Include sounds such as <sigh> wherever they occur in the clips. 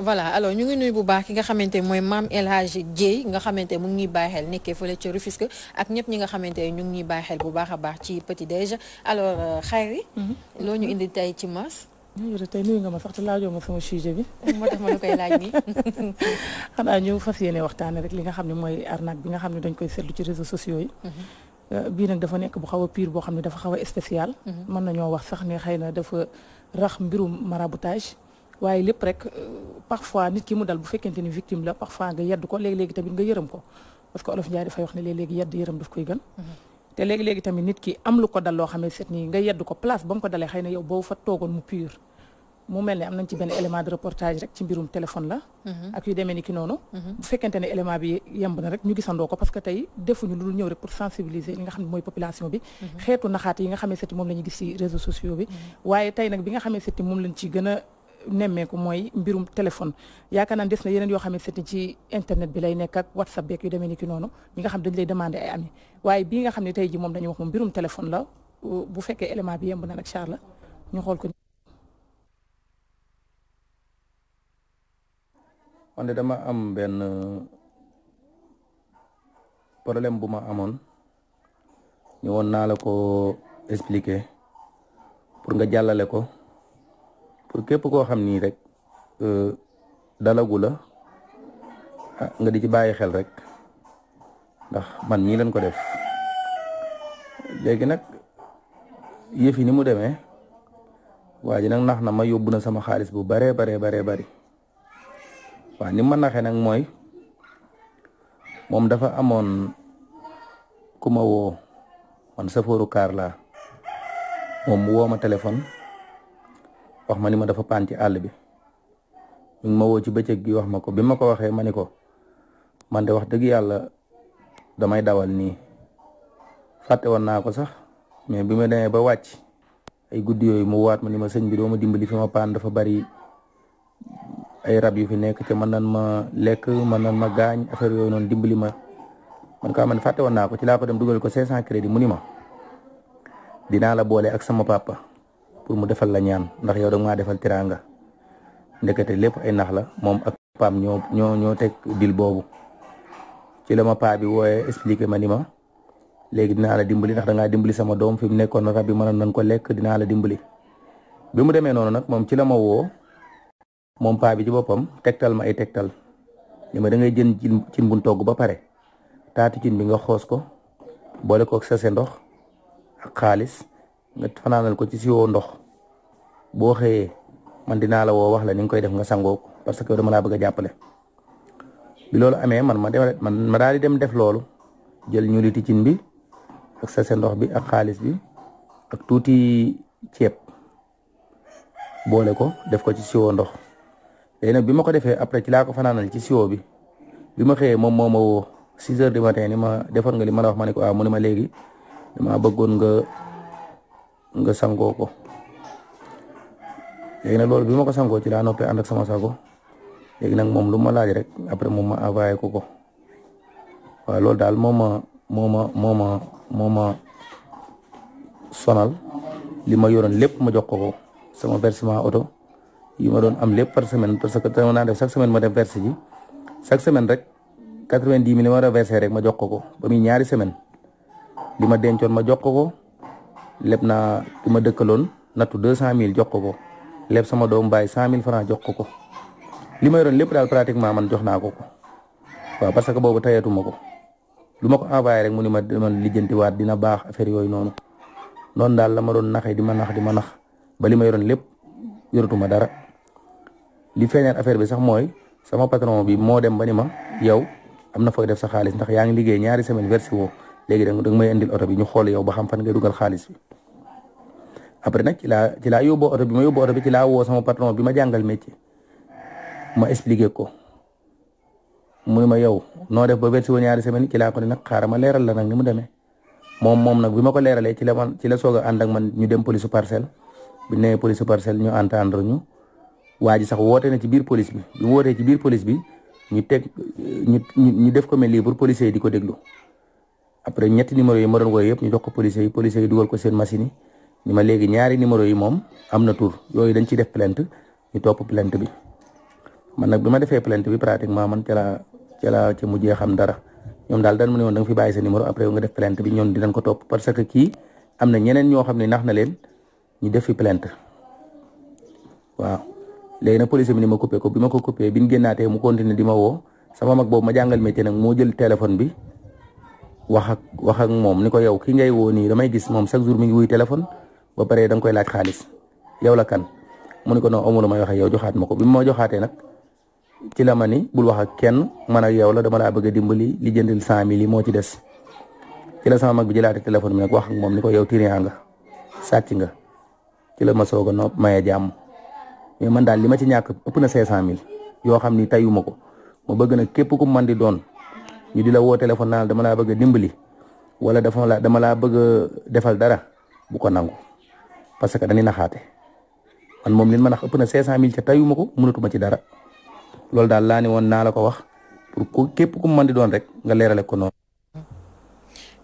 voilà alors ñu ngi nuyu bu baax ki nga xamante mooy maam El Hadji nga xamante mu ngi ñuy bàyyi xel nekkee fële ca ak ñëpp ñi nga xamante ñu ngi ñuy bàyyi xel bu baax a baax ci petit déj alors euh, Khayri. Mhm. loo ñu indi tey ci maas. ñu tey nuyu nga ma sax te laajoo ma sama sujet bi. <laughs> moo tax koy laaj nii. <laughs> xanaa ñu fas yéene waxtaanee rek li nga xam ne mooy arnaque bi nga xam ne dañ koy seetlu ci réseaux sociaux yi. Mhm. Euh, bii nag dafa nekk bu xaw a pire boo xam ne dafa xaw a spécial. Mhm. mën nañoo wax sax ne xëy na dafa rax mbirum maraboutage. waaye lépp rek euh, parfois nit ki mu dal bu fekkente ni victime la parfois nga yedd ko léegi-léegi tamit nga yërëm ko parce que olof Njaay dafay wax ne léegi yedd mhm. ko place ba ko dalee xëy na yow boo fa toogoon mu pur mu mel ne am nañ ci benn élément de reportage rek ci mbirum téléphone la mhm. ak yu demee ni ki noonu mhm. bu fekkente ne élément bi yemb na rek ñu gisandoo ko parce que tey defuñu lu dul ñëw rek pour sensibiliser li nga xam ne mooy population nemmeeku mooy mbirum téléphone yaakaar naa des na yeneen yoo xam ne seetni ci internet bi lay nekk ak whatsapp beeg yu demee ni ki noonu ñi nga xam dañ lay demandé ay ami bii nga xam ne tey ji moom dañuy wax moom la bu fekkee élément bi yemb na nag ñu xool dama am benn problème bu ma amoon ñëwoon naa la ko expliquer pour nga jàllale ko. pour képp koo xam nii rek euh, dalagu la ah, nga di ci bàyyi xel rek ndax man ñii leen ko def léegi nag yëfi ni mu demee waa nag nax na ma yóbbu na sama xaalis bu baree baree baree bari waaw ni ma naxee nag mooy moom dafa amoon ku ma woo man safooru kaar laa moom woo ma téléphone wax ma ni ma dafa paan ci àll bi ñu ma woo ci bëccëg gi wax ma ko bi ma ko waxee ma ni ko man de wax dëgg yàlla damay dawal nii fàtte woon naa ko sax mais bi ma demee ba wàcc ay guddi yooyu mu waat ma ni ma sëñ bi ma dimbali fi ma paan dafa bari ay rab yu fi nekk te mën nan ma lekk man nan ma gaañ affaire yooyu noonu dimbali ma man kaa ah, man fàtte woon naa ko ci laa ko dem dugal ko 500 crédit mu ni ma dinaa la boole ak sama papa pour mu defal la ñaan ndax yow da maa defal tiranga ndekete lépp ay nax la moom ak paam ñoo ñoo ñoo teg dil boobu ci la ma paa bi wooyee expliqué ma ni ma léegi dinaa la dimbali ndax dangaa dimbali sama doom fi mu nekkoon rab bi mën nan ko lekk dinaa la dimbali bi mu demee noonu nag moom ci la ma woo moom bi ci boppam tegtal ma ay tegtal ni ma da ngay jën cin buñ togg ba pare taatu cin bi nga xoos ko boole kook sase ndox ak xaalis nga fanaanal ko ci siwoo ndox boo xëyee man dinaa la woo wax la ni nga koy def nga sangoo parce que dama laa bëgg a jàppale bi loolu amee man ma dem man ma daal di dem def loolu jël ñu liti cin bi ak sase ndox bi ak xaalis bi ak tuuti ceeb boole ko def ko ci siwoo ndox léegi nag bi ma ko defee après ci laa ko fanaanal ci siwoo bi bi ma xëyee moom moom ma woo six heures du matin ni ma defoon nga li ma la wax ma ne ko waaw ah, mu ne ma léegi dama bëggoon nga nga sangoo ko léegi nag loolu bi ma ko sangoo ci laa noppee ànd ak sama sago léegi nag moom lu ma laaj rek après moom ma envoyé ko ko waaw loolu daal moom ma moo ma sonal li ma yoroon lépp ma jox ko ko sama versement oto yi ma doon am lép par semaine parce que dama naa def chaque semaine ma dem verse ji chaque semaine rek quatre-vingt-dix mille ma doon rek ma jox ko ko ba ñaari semaine li ma dencoon ma jox ko ko leb naa ma dëkkaloon nattu deux cent mille jox ko ko leb sama doom bàyyi cent mille franc jox ko ko li ma yoroon lépp daal pratiquement man jox naa ko ko waaw parce que boobu tayatuma ko lu ma ko envoyé rek mu ni ma man lijjantiwaat dina baax affaire yooyu noonu noonu daal la ma doon naxee di ma nax di ma nax ba li ma yoroon lépp yoratuma dara li feeñaat affaire bi sax mooy sama patron bi moo dem ba ni ma yow am na fooy def sa xaalis ndax yaa ngi liggéey ñaari semaine versé woo léegi da nga may indil oto bi ñu xool yow ba xam fan nga dugal xaalis bi après nag ci laa ci laa oto bi ma yóbboo oto bi ci laa woo sama patron bi ma jàngal métier ma expliqué ko mu ne ma yow noo def ba versé wu ñaari semaine ci laa ko ne nag ma leeral la nag ni mu moom moom nag bi ma ko leeralee ci ci la soog a man ñu dem police parcelle bi nee police parcelle ñu entendre ñu waa ji sax woote na ci biir police bi bi wootee ci biir police bi ñu teg ñu ñu def ko mel lii pour policier yi di ko déglu. après ñetti numéro yi ma doon wooye yëpp ñu jox ko policiers yi dugal ko seen machine yi ma léegi ñaari numéro yi moom am na tur yooyu dañ ciy def plainte ñu topp plainte bi man nag bi ma defee plainte bi pratiquement man ca la ca la ca mujjee xam dara ñoom daal dañ mu ne woon da nga fi bàyyi sa numéro def plainte bi ñoom dinañ ko topp parce que kii am na ñeneen ñoo xam ne nax na leen ñu def fi plainte waaw léegi nag policier bi ni ma coupé ko bi ma ko coupé bi ñu génnaatee mu continué di ma woo sama mag boobu ma jàngal métier nag moo jël téléphone bi wax ak wax ak moom ni ko yow ki ngay woo nii damay gis moom chaque jour mi ngi wuy téléphone ba pare da koy laaj xaalis yow la kan mu ni ko non la may wax ak yow joxaat ma ko bi ma joxaatee nag ci la ma ni bul wax ak kenn man ak yow la dama bëgg dimbali li cent mille moo ci des ci la sama mag bi jëlaate téléphone bi nag wax ak moom ko yow tiriyaa nga sàcc nga ci la ma soog a nopp maye jàmm mais man daal li ma ci ñàkk ëpp na cinq cent mille yoo xam ni tayuma ko ma bëgg nag képp ku man di doon ñu di la woo téléphone dama laa bëgg a dimbali wala dafa la dama laa bëgg defal dara bu ko nangu parce que dañuy naxaate man moom li ma nax ëpp na 500000 ca tayuma ko mënatuma ci dara loolu daal laa ne woon naa la ko wax pour ku képp ku mën di doon rek nga leerale ko noonu.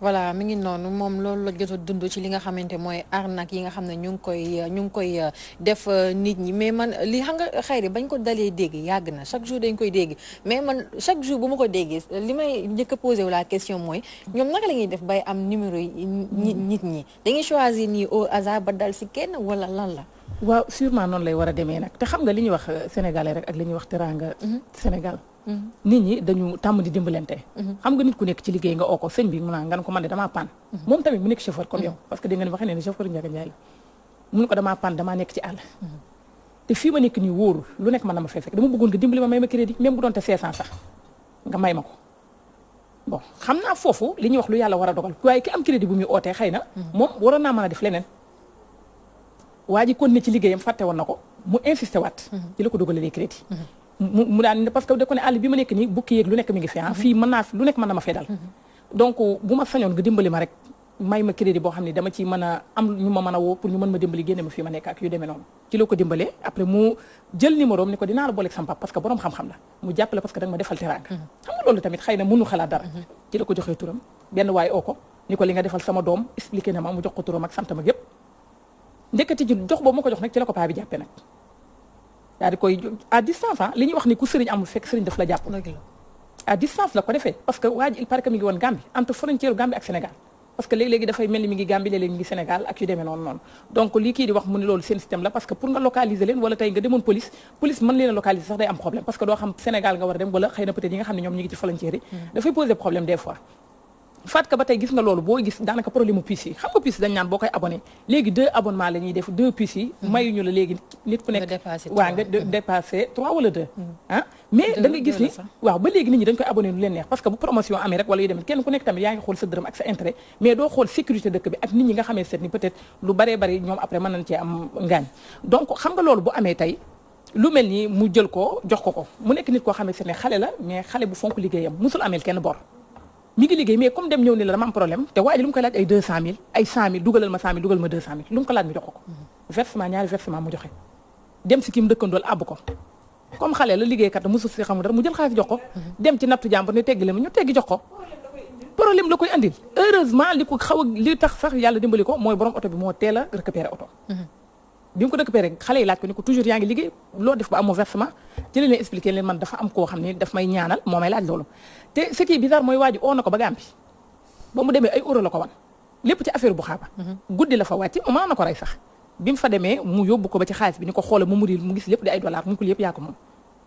voilà mi ngi noonu moom loolu la jot a dund ci li nga xamante mooy arnaque yi nga xam ne ñu ngi koy ñu ngi koy euh, def euh, nit ñi mais man li xam nga xayri bañ ko dalee dégg yàgg na chaque jour dañ koy dégg mais man chaque jour bu ma ko déggee li may njëkk posé wu la question mooy ñoom naka la def bay am numéro yi nit ñi dañuy choisir nii au hasard ba dal si kenn wala lan la. waaw sûrement noonu lay war a demee nag te xam nga li ñuy wax euh, sénégalais rek ak li ñuy wax teranga mm-hmm. Sénégal. nit ñi dañu tàmm di dimbalante. xam nga nit ku nekk ci liggéey nga oo ko sëñ bi mu naan nga ko man de damaa pan moom tamit mu nekk chauffeur comme yow parce que dégg nekk ci àll te fii ma nekk nii wóorul lu nekk man na ma fay fekk dama bëggoon nga dimbali ma may ma crédit même bu doon te 500 sax nga may ma ko bon xam naa foofu li ñuy wax lu yàlla war a dogal waaye ki am crédit bu muy ootee xëy na moom waroon naa mën a def leneen waa ji kon mu mu daan parce que da ko ne àll bi ma nekk nii bukki yeeg lu nekk mi ngi fi ah fii mën naa lu nekk mën na ma fee dal donc bu ma sañoon nga dimbali ma rek may ma crédit boo xam ne dama ci mën a am ñu ma mën a woo pour ñu mën ma dimbali génne ma fii ma nekk ak demee noonu ci la ko dimbalee après mu jël numéro am ni ko dinaa la booleeg sama papa parce que borom xam-xam la mu jàppale parce que danga ma defal teraanga mm-hmm. xam nga loolu tamit xëy na mënu xalaat dara mm-hmm. ci la ko joxee turam benn waaye oo ko ni ko li nga defal sama doom expliqué na ko turam ak santam ak yépp ndekati ji jox boobu ma ko jox nag ci ko paa bi jàppee nag daal di koy à distance ah li ñuy wax ni ku sëriñ amul fekk sëriñ daf la jàpp. à distance la ko defee parce que waa ji il paraît que mi ngi woon Gambie entre frontière Gambie ak Sénégal. parce que léegi-léegi dafay mel ni mi ngi Gambie léeg ngi Sénégal ak yu demee noonu noonu donc lii kii di wax mu ne loolu seen système la parce que pour nga localiser leen wala tey nga demoon police police mën leen localiser sax day am problème parce que doo faat ka ba tey gis nga loolu boo gis daanaka problème mu puces yi xam nga puces dañ naan boo koy abonné léegi deux abonnement la def deux puces yi. Mm-hmm. mayuñu la léegi nit ku nekk. Mm-hmm. dépassé trois wala deux. Mm-hmm. ah mais da nga gis ni waaw ba léegi nit ñi dañ koy abonné lu leen neex parce que bu promotion amee rek wala yu demee kenn ku nekk tamit yaa ngi xool sa dërëm ak sa intérêt mais doo xool sécurité dëkk bi ak nit ñi nga xamee seet ni peut-être lu baree bari loolu bu amee tey. lu mel nii mu jël ko jox ko ko mu nekk nit koo xamante ne xale la mais xale bu fonk liggéeyam musul ameel kenn mu ngi liggéey mais comme dem ñëw ne la dama am problème te waa ji lu mu ko laaj ay 200000 ay 100000 dugalal ma 100000 dugalal ma 200000 lu mu ko laaj mu jox ko versement ñaari versement mu joxe dem si ki dëkkandool àbb ko comme xale la liggéeykat mosu si xamul dara mu jël xaalis jox ko dem ci nattu jàmbur ne teggi la ma ñu teggi jox ko problème la koy andil heureusement li ko xaw li tax sax yàlla dimbali ko mooy borom oto bi moo teel a récupéré oto bi mu ko dëkk pee rek xale yi laaj ko ni ko toujours yaa ngi liggéey loo def ba amoo versement ci leen expliqué leen man dafa am koo xam ne daf may ñaanal moo may laaj loolu te ce qui est mooy waa ji oo na ko ba Gàmbi ba mu demee ay euro la ko wan lépp ci affaire bu xaaba mhm. guddi la fa wàcc mën na ko rey sax bi mu fa demee mu yóbbu ko ba ci xaalis bi ni ko xoola mu muril mu gis lépp di ay dollars mu ko lépp yaa ko moom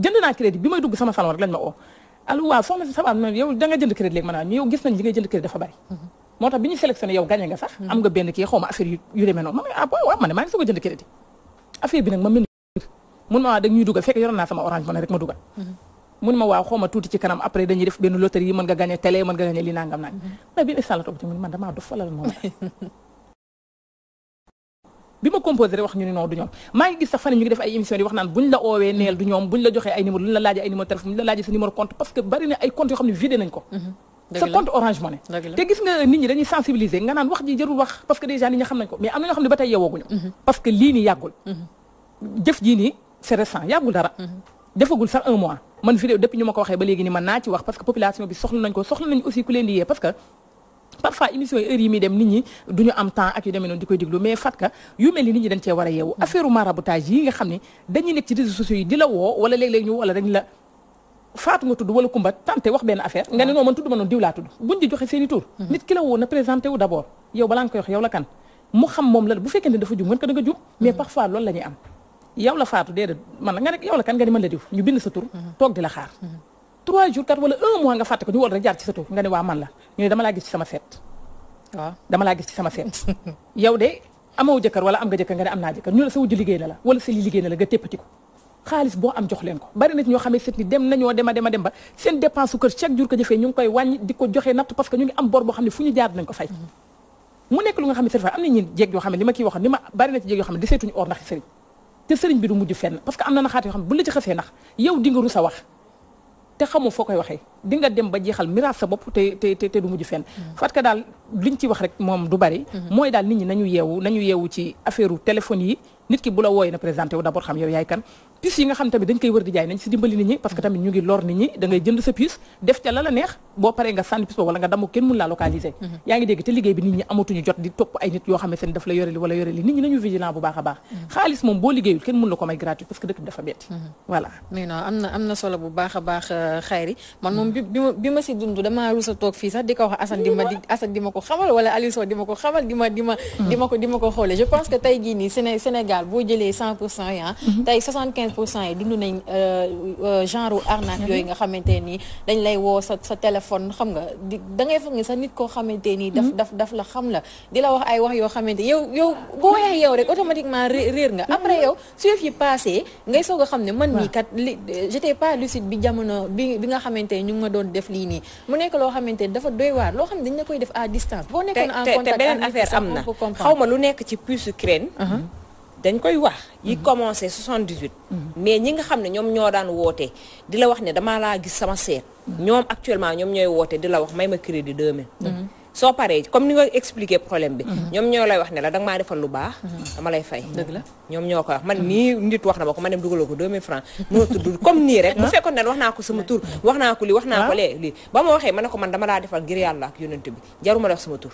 jënd naa crédit bi may dugg sama salon lañ ma oo allo waaw soxna si ça va yow da jënd crédit léegi maanaam yow gis nañ li ngay jënd crédit dafa bari mhm. moo tax bi ñu sélectionné yow gagné nga sax mhm. am nga benn kii xaw ma yu demee noonu man ah, ne maa ngi soog a jënd crédit affaire bi nag ma mel mun ma waa da ñuy dugal fekk yoroon naa sama orange man rek ma dugal mhm. mun ma waaw xaw tuuti ci kanam après dañuy def benn loterie mën nga gagné <laughs> bi ma composé wax ñu ne non du ñoom maa ngi gis sax fan ñu ngi def ay émission di wax naan buñ la oowee neel du ñoom buñ la joxee ay numéro luñ la laajee ay numéro téléphone buñ la laajee sa numéro compte parce que bari na ay compte yoo xam ne vidé nañ ko mhm. sa compte orange money te gis nga nit ñi dañuy sensibiliser nga naan wax ji jarul wax parce que déjà nit ñi xam nañ ko mais am na ñoo xam ne ba tey yeewooguñu mhm. parce que lii nii yàggul mhm. jëf parfois émission yi heure yi muy dem nit ñi du ñu am temps ak yu demee noonu di koy déglu mais fatka yu mel nit ñi dañ cee war a yeewu hmm. affaire maraboutage yi nga xam ne dañuy nekk ci réseaux sociaux yi di la woo wala léeg-léeg ñu wala dañ la faatu nga tudd wala kumba tante wax benn affaire nga ne hmm. noo man tudd ma noonu diw laa tudd buñ di joxe seen tur hmm. nit ki la na présenté wu d' abord yow balaa nga koy wax yow la kan mu xam moom la da nga jum trois jours kat wala un mois nga fàtte ko ñu war rek jaar ci sa tur nga ne waa man la ñu ne dama laa gis ci sama feet. waaw dama laa gis ci sama feet. yow de amoo jëkkër wala am nga jëkkër nga ni a dem a am bor boo xam ne fu ñu jaar nañ ko fay mu nekk lu nga xam ne certifié or ndax sëriñ te sëriñ bi du mujj fenn parce que am na naxaat yoo xam ne bu la ci xasee nax yow di wax te xamoo foo koy waxee di nga dem ba jeexal miraas sa bopp te te te du mujj fenn. fat mm-hmm. ka daal liñ ci wax rek moom du bari. Mm-hmm. mooy daal nit ñi nañu yeewu nañu yeewu ci affaire téléphone yi. nit ki bu la wooyee na présenté wu xam yow yaay kan puce yi nga xam tamit dañ koy wër di jaay nañ si dimbali nit ñi parce que tamit ñu ngi lor nit ñi da jënd sa puce def ca la neex boo paree nga sànni puce ba wala nga damu kenn mun laa localiser mm-hmm. yaa ngi dégg te liggéey bi nit ñi amatuñu jot di topp ay nit yoo xam seen daf la yoreli wala yoreli nit ñi nañu vigilant bu baax a baax mm-hmm. xaalis moom boo liggéeyul kenn mun la ko may gratuit parce Sénégal boo jëlee 100 pour cent yi ah. Mhm. tey 75 pour cent yi dund nañ euh, euh, genre arnaque mhm. yooyu nga xamante ni dañ lay woo sa sa téléphone xam nga di da ngay foog ni sa nit koo xamante nii daf mhm. daf daf la xam la di la wax ay wax yoo xamante yow yow boo waxee yow rek automatiquement réer nga. après yow su yëf yi passé ngay xam ne man mii kat li j'étais bi bi bi nga ñu ngi ma doon def lii nii mu nekk loo xamante ni dafa doy waar loo xam ne dañ la koy def a distance. boo nekkoon en contact xaw ma lu nekk ci puce dañ koy wax yi mhm. commencé 78. Mhm. mais ñi nga xam ne ñoom ñoo daan wootee di la wax ne damaa laa gis sama seet. Mhm. ñoom actuellement ñoom ñooy wootee di la wax may ma crédit 2000. soo paree comme ni nga expliquer problème bi ñoom ñoo lay wax ne la danga maa defal lu baax dama lay fay dëgg la ñoom ñoo koy wax man nii nit wax na ma ko ma dem dugaloo ko 2000 francs mëna tudd comme nii rek bu fekkoon wax naa ko sama tur wax naa ko li wax naa ko lee lii ba ma waxee ma ne ko man dama laa defal ngir yàlla ak yonent bi jaruma la wax sama tur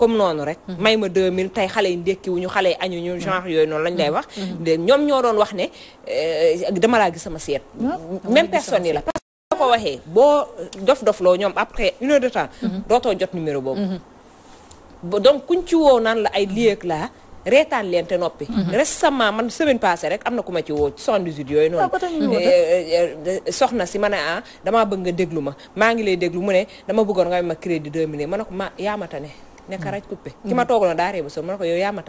comme noonu rek may ma 2000 tey xale yi ndékki wuñu xale yi añu ñu genre yooyu noonu lañ lay wax mm-hmm. ñoom ñoo doon wax ne euh, dama laa gis sama seet même personne yi la boo ko waxee boo dof-dofloo ñoom après une de temps. Mhm. dootoo jot numéro boobu. Mhm. donc kuñ ci woo naan la ay liyeeg laa. reetaan leen te noppi. Mhm. récemment man semaine passée rek am na ku ma ci woo ci 78 yooyu noonu. Ah, eh, eh, eh, soxna si ma ne ah damaa bëgg nga déglu ma maa ngi lay déglu mu ne dama bëggoon nga ma crédit 2 millions ma ko ma yaa ma tane. ne ka raj coupé. ki ma toogaloon daa ree ba sonn ma ne ko yow yaa ma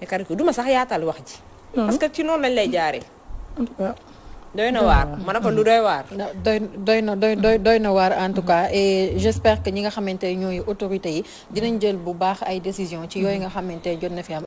ne ka raj coupé du ma sax yaatal wax ji. parce que ci noonu lañ lay jaaree. doy na waar ah. ma ne ko lu doy waar. doy doy na doy doy doy na waar en tout cas et j'espère que ñi nga xamante ne ñooy autorités yi dinañ jël bu baax ay décisions ci yooyu nga xamante jot na fi am.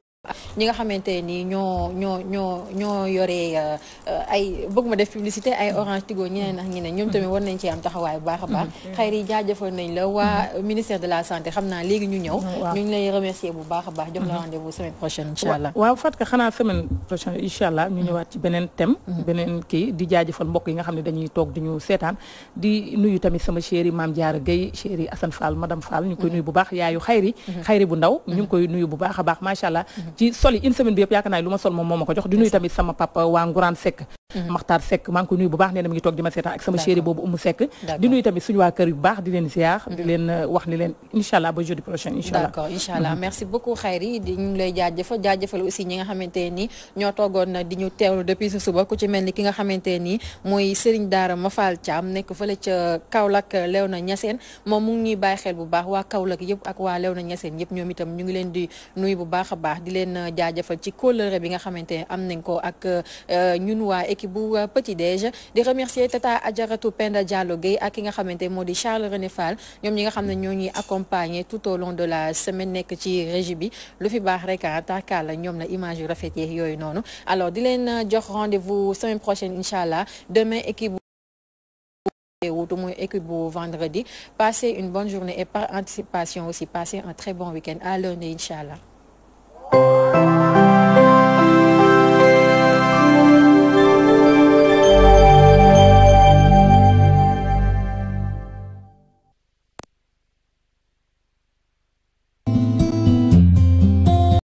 ñi nga xamante nii ñoo ñoo ñoo ñoo yore euh, ay bëgg ma def publicité ay orange tigo ñeneen ak ñeneen ñoom tamit war nañ ci am taxawaay bu baax a baax mm-hmm. xayri jaajëfal nañ la waa ministère de la santé xam naa léegi ñu ñëw mm-hmm. ñu ngi lay remercier bu a baax jox la mm-hmm. rendez-vous semaine prochaine incha allah waaw Fatou xanaa semaine prochaine incha allah ñu ñëwaat ci beneen thème beneen kii di jaajëfal mbokk yi nga xam ne dañuy toog di ñu seetaan di nuyu tamit sama chéri Mame Diarra Gueye chéri Assane Fall madame Fall ñu ngi koy nuyu bu baax yaayu xayri xayri bu ndaw ñu koy nuyu bu baax a baax macha sol yi une semaine bi yëpp yaakaar naa lu ma sol moom ma ko jox di nuyu tamit sama papa waa Ngourane Seck Mm-hmm. Maxtaar Seck maa ngi ko nuyu bu baax nee na mi ngi toog di ma seetaan ak sama chéri boobu Umu Seck di nuyu tamit suñu yu baax di leen ziar di mm-hmm. leen euh, wax ni leen incha allah ba jeudi prochain incha allah mm-hmm. merci beaucoup Khayri di ñu ngi lay aussi ñi nga xamante ni ñoo toogoon na di ñu teewlu depuis sa suba ku ci mel ni ki nga moom mu ngi bàyyi xel bu baax waa Kaolack yëpp ak waa Léona Niassène yëpp ñoom itam ñu ngi leen di nuyu a baax euh, ko ak euh, équipe bu euh, Petit Déj di remercier Tata Adjaratou Penda Diallo Gueye ak ki nga xamante moo di Charles René Fall ñoom ñi nga xam ne ñoo ñuy accompagner tout au long de la semaine nekk ci régie bi lu fi baax rek tàkkaal la ñoom la image yu rafet yi yooyu noonu alors di leen euh, jox rendez-vous semaine prochaine incha allah demain équipe wutu muy équipe bu vendredi passez une bonne journée et par anticipation aussi passez un très bon week à lundi incha allah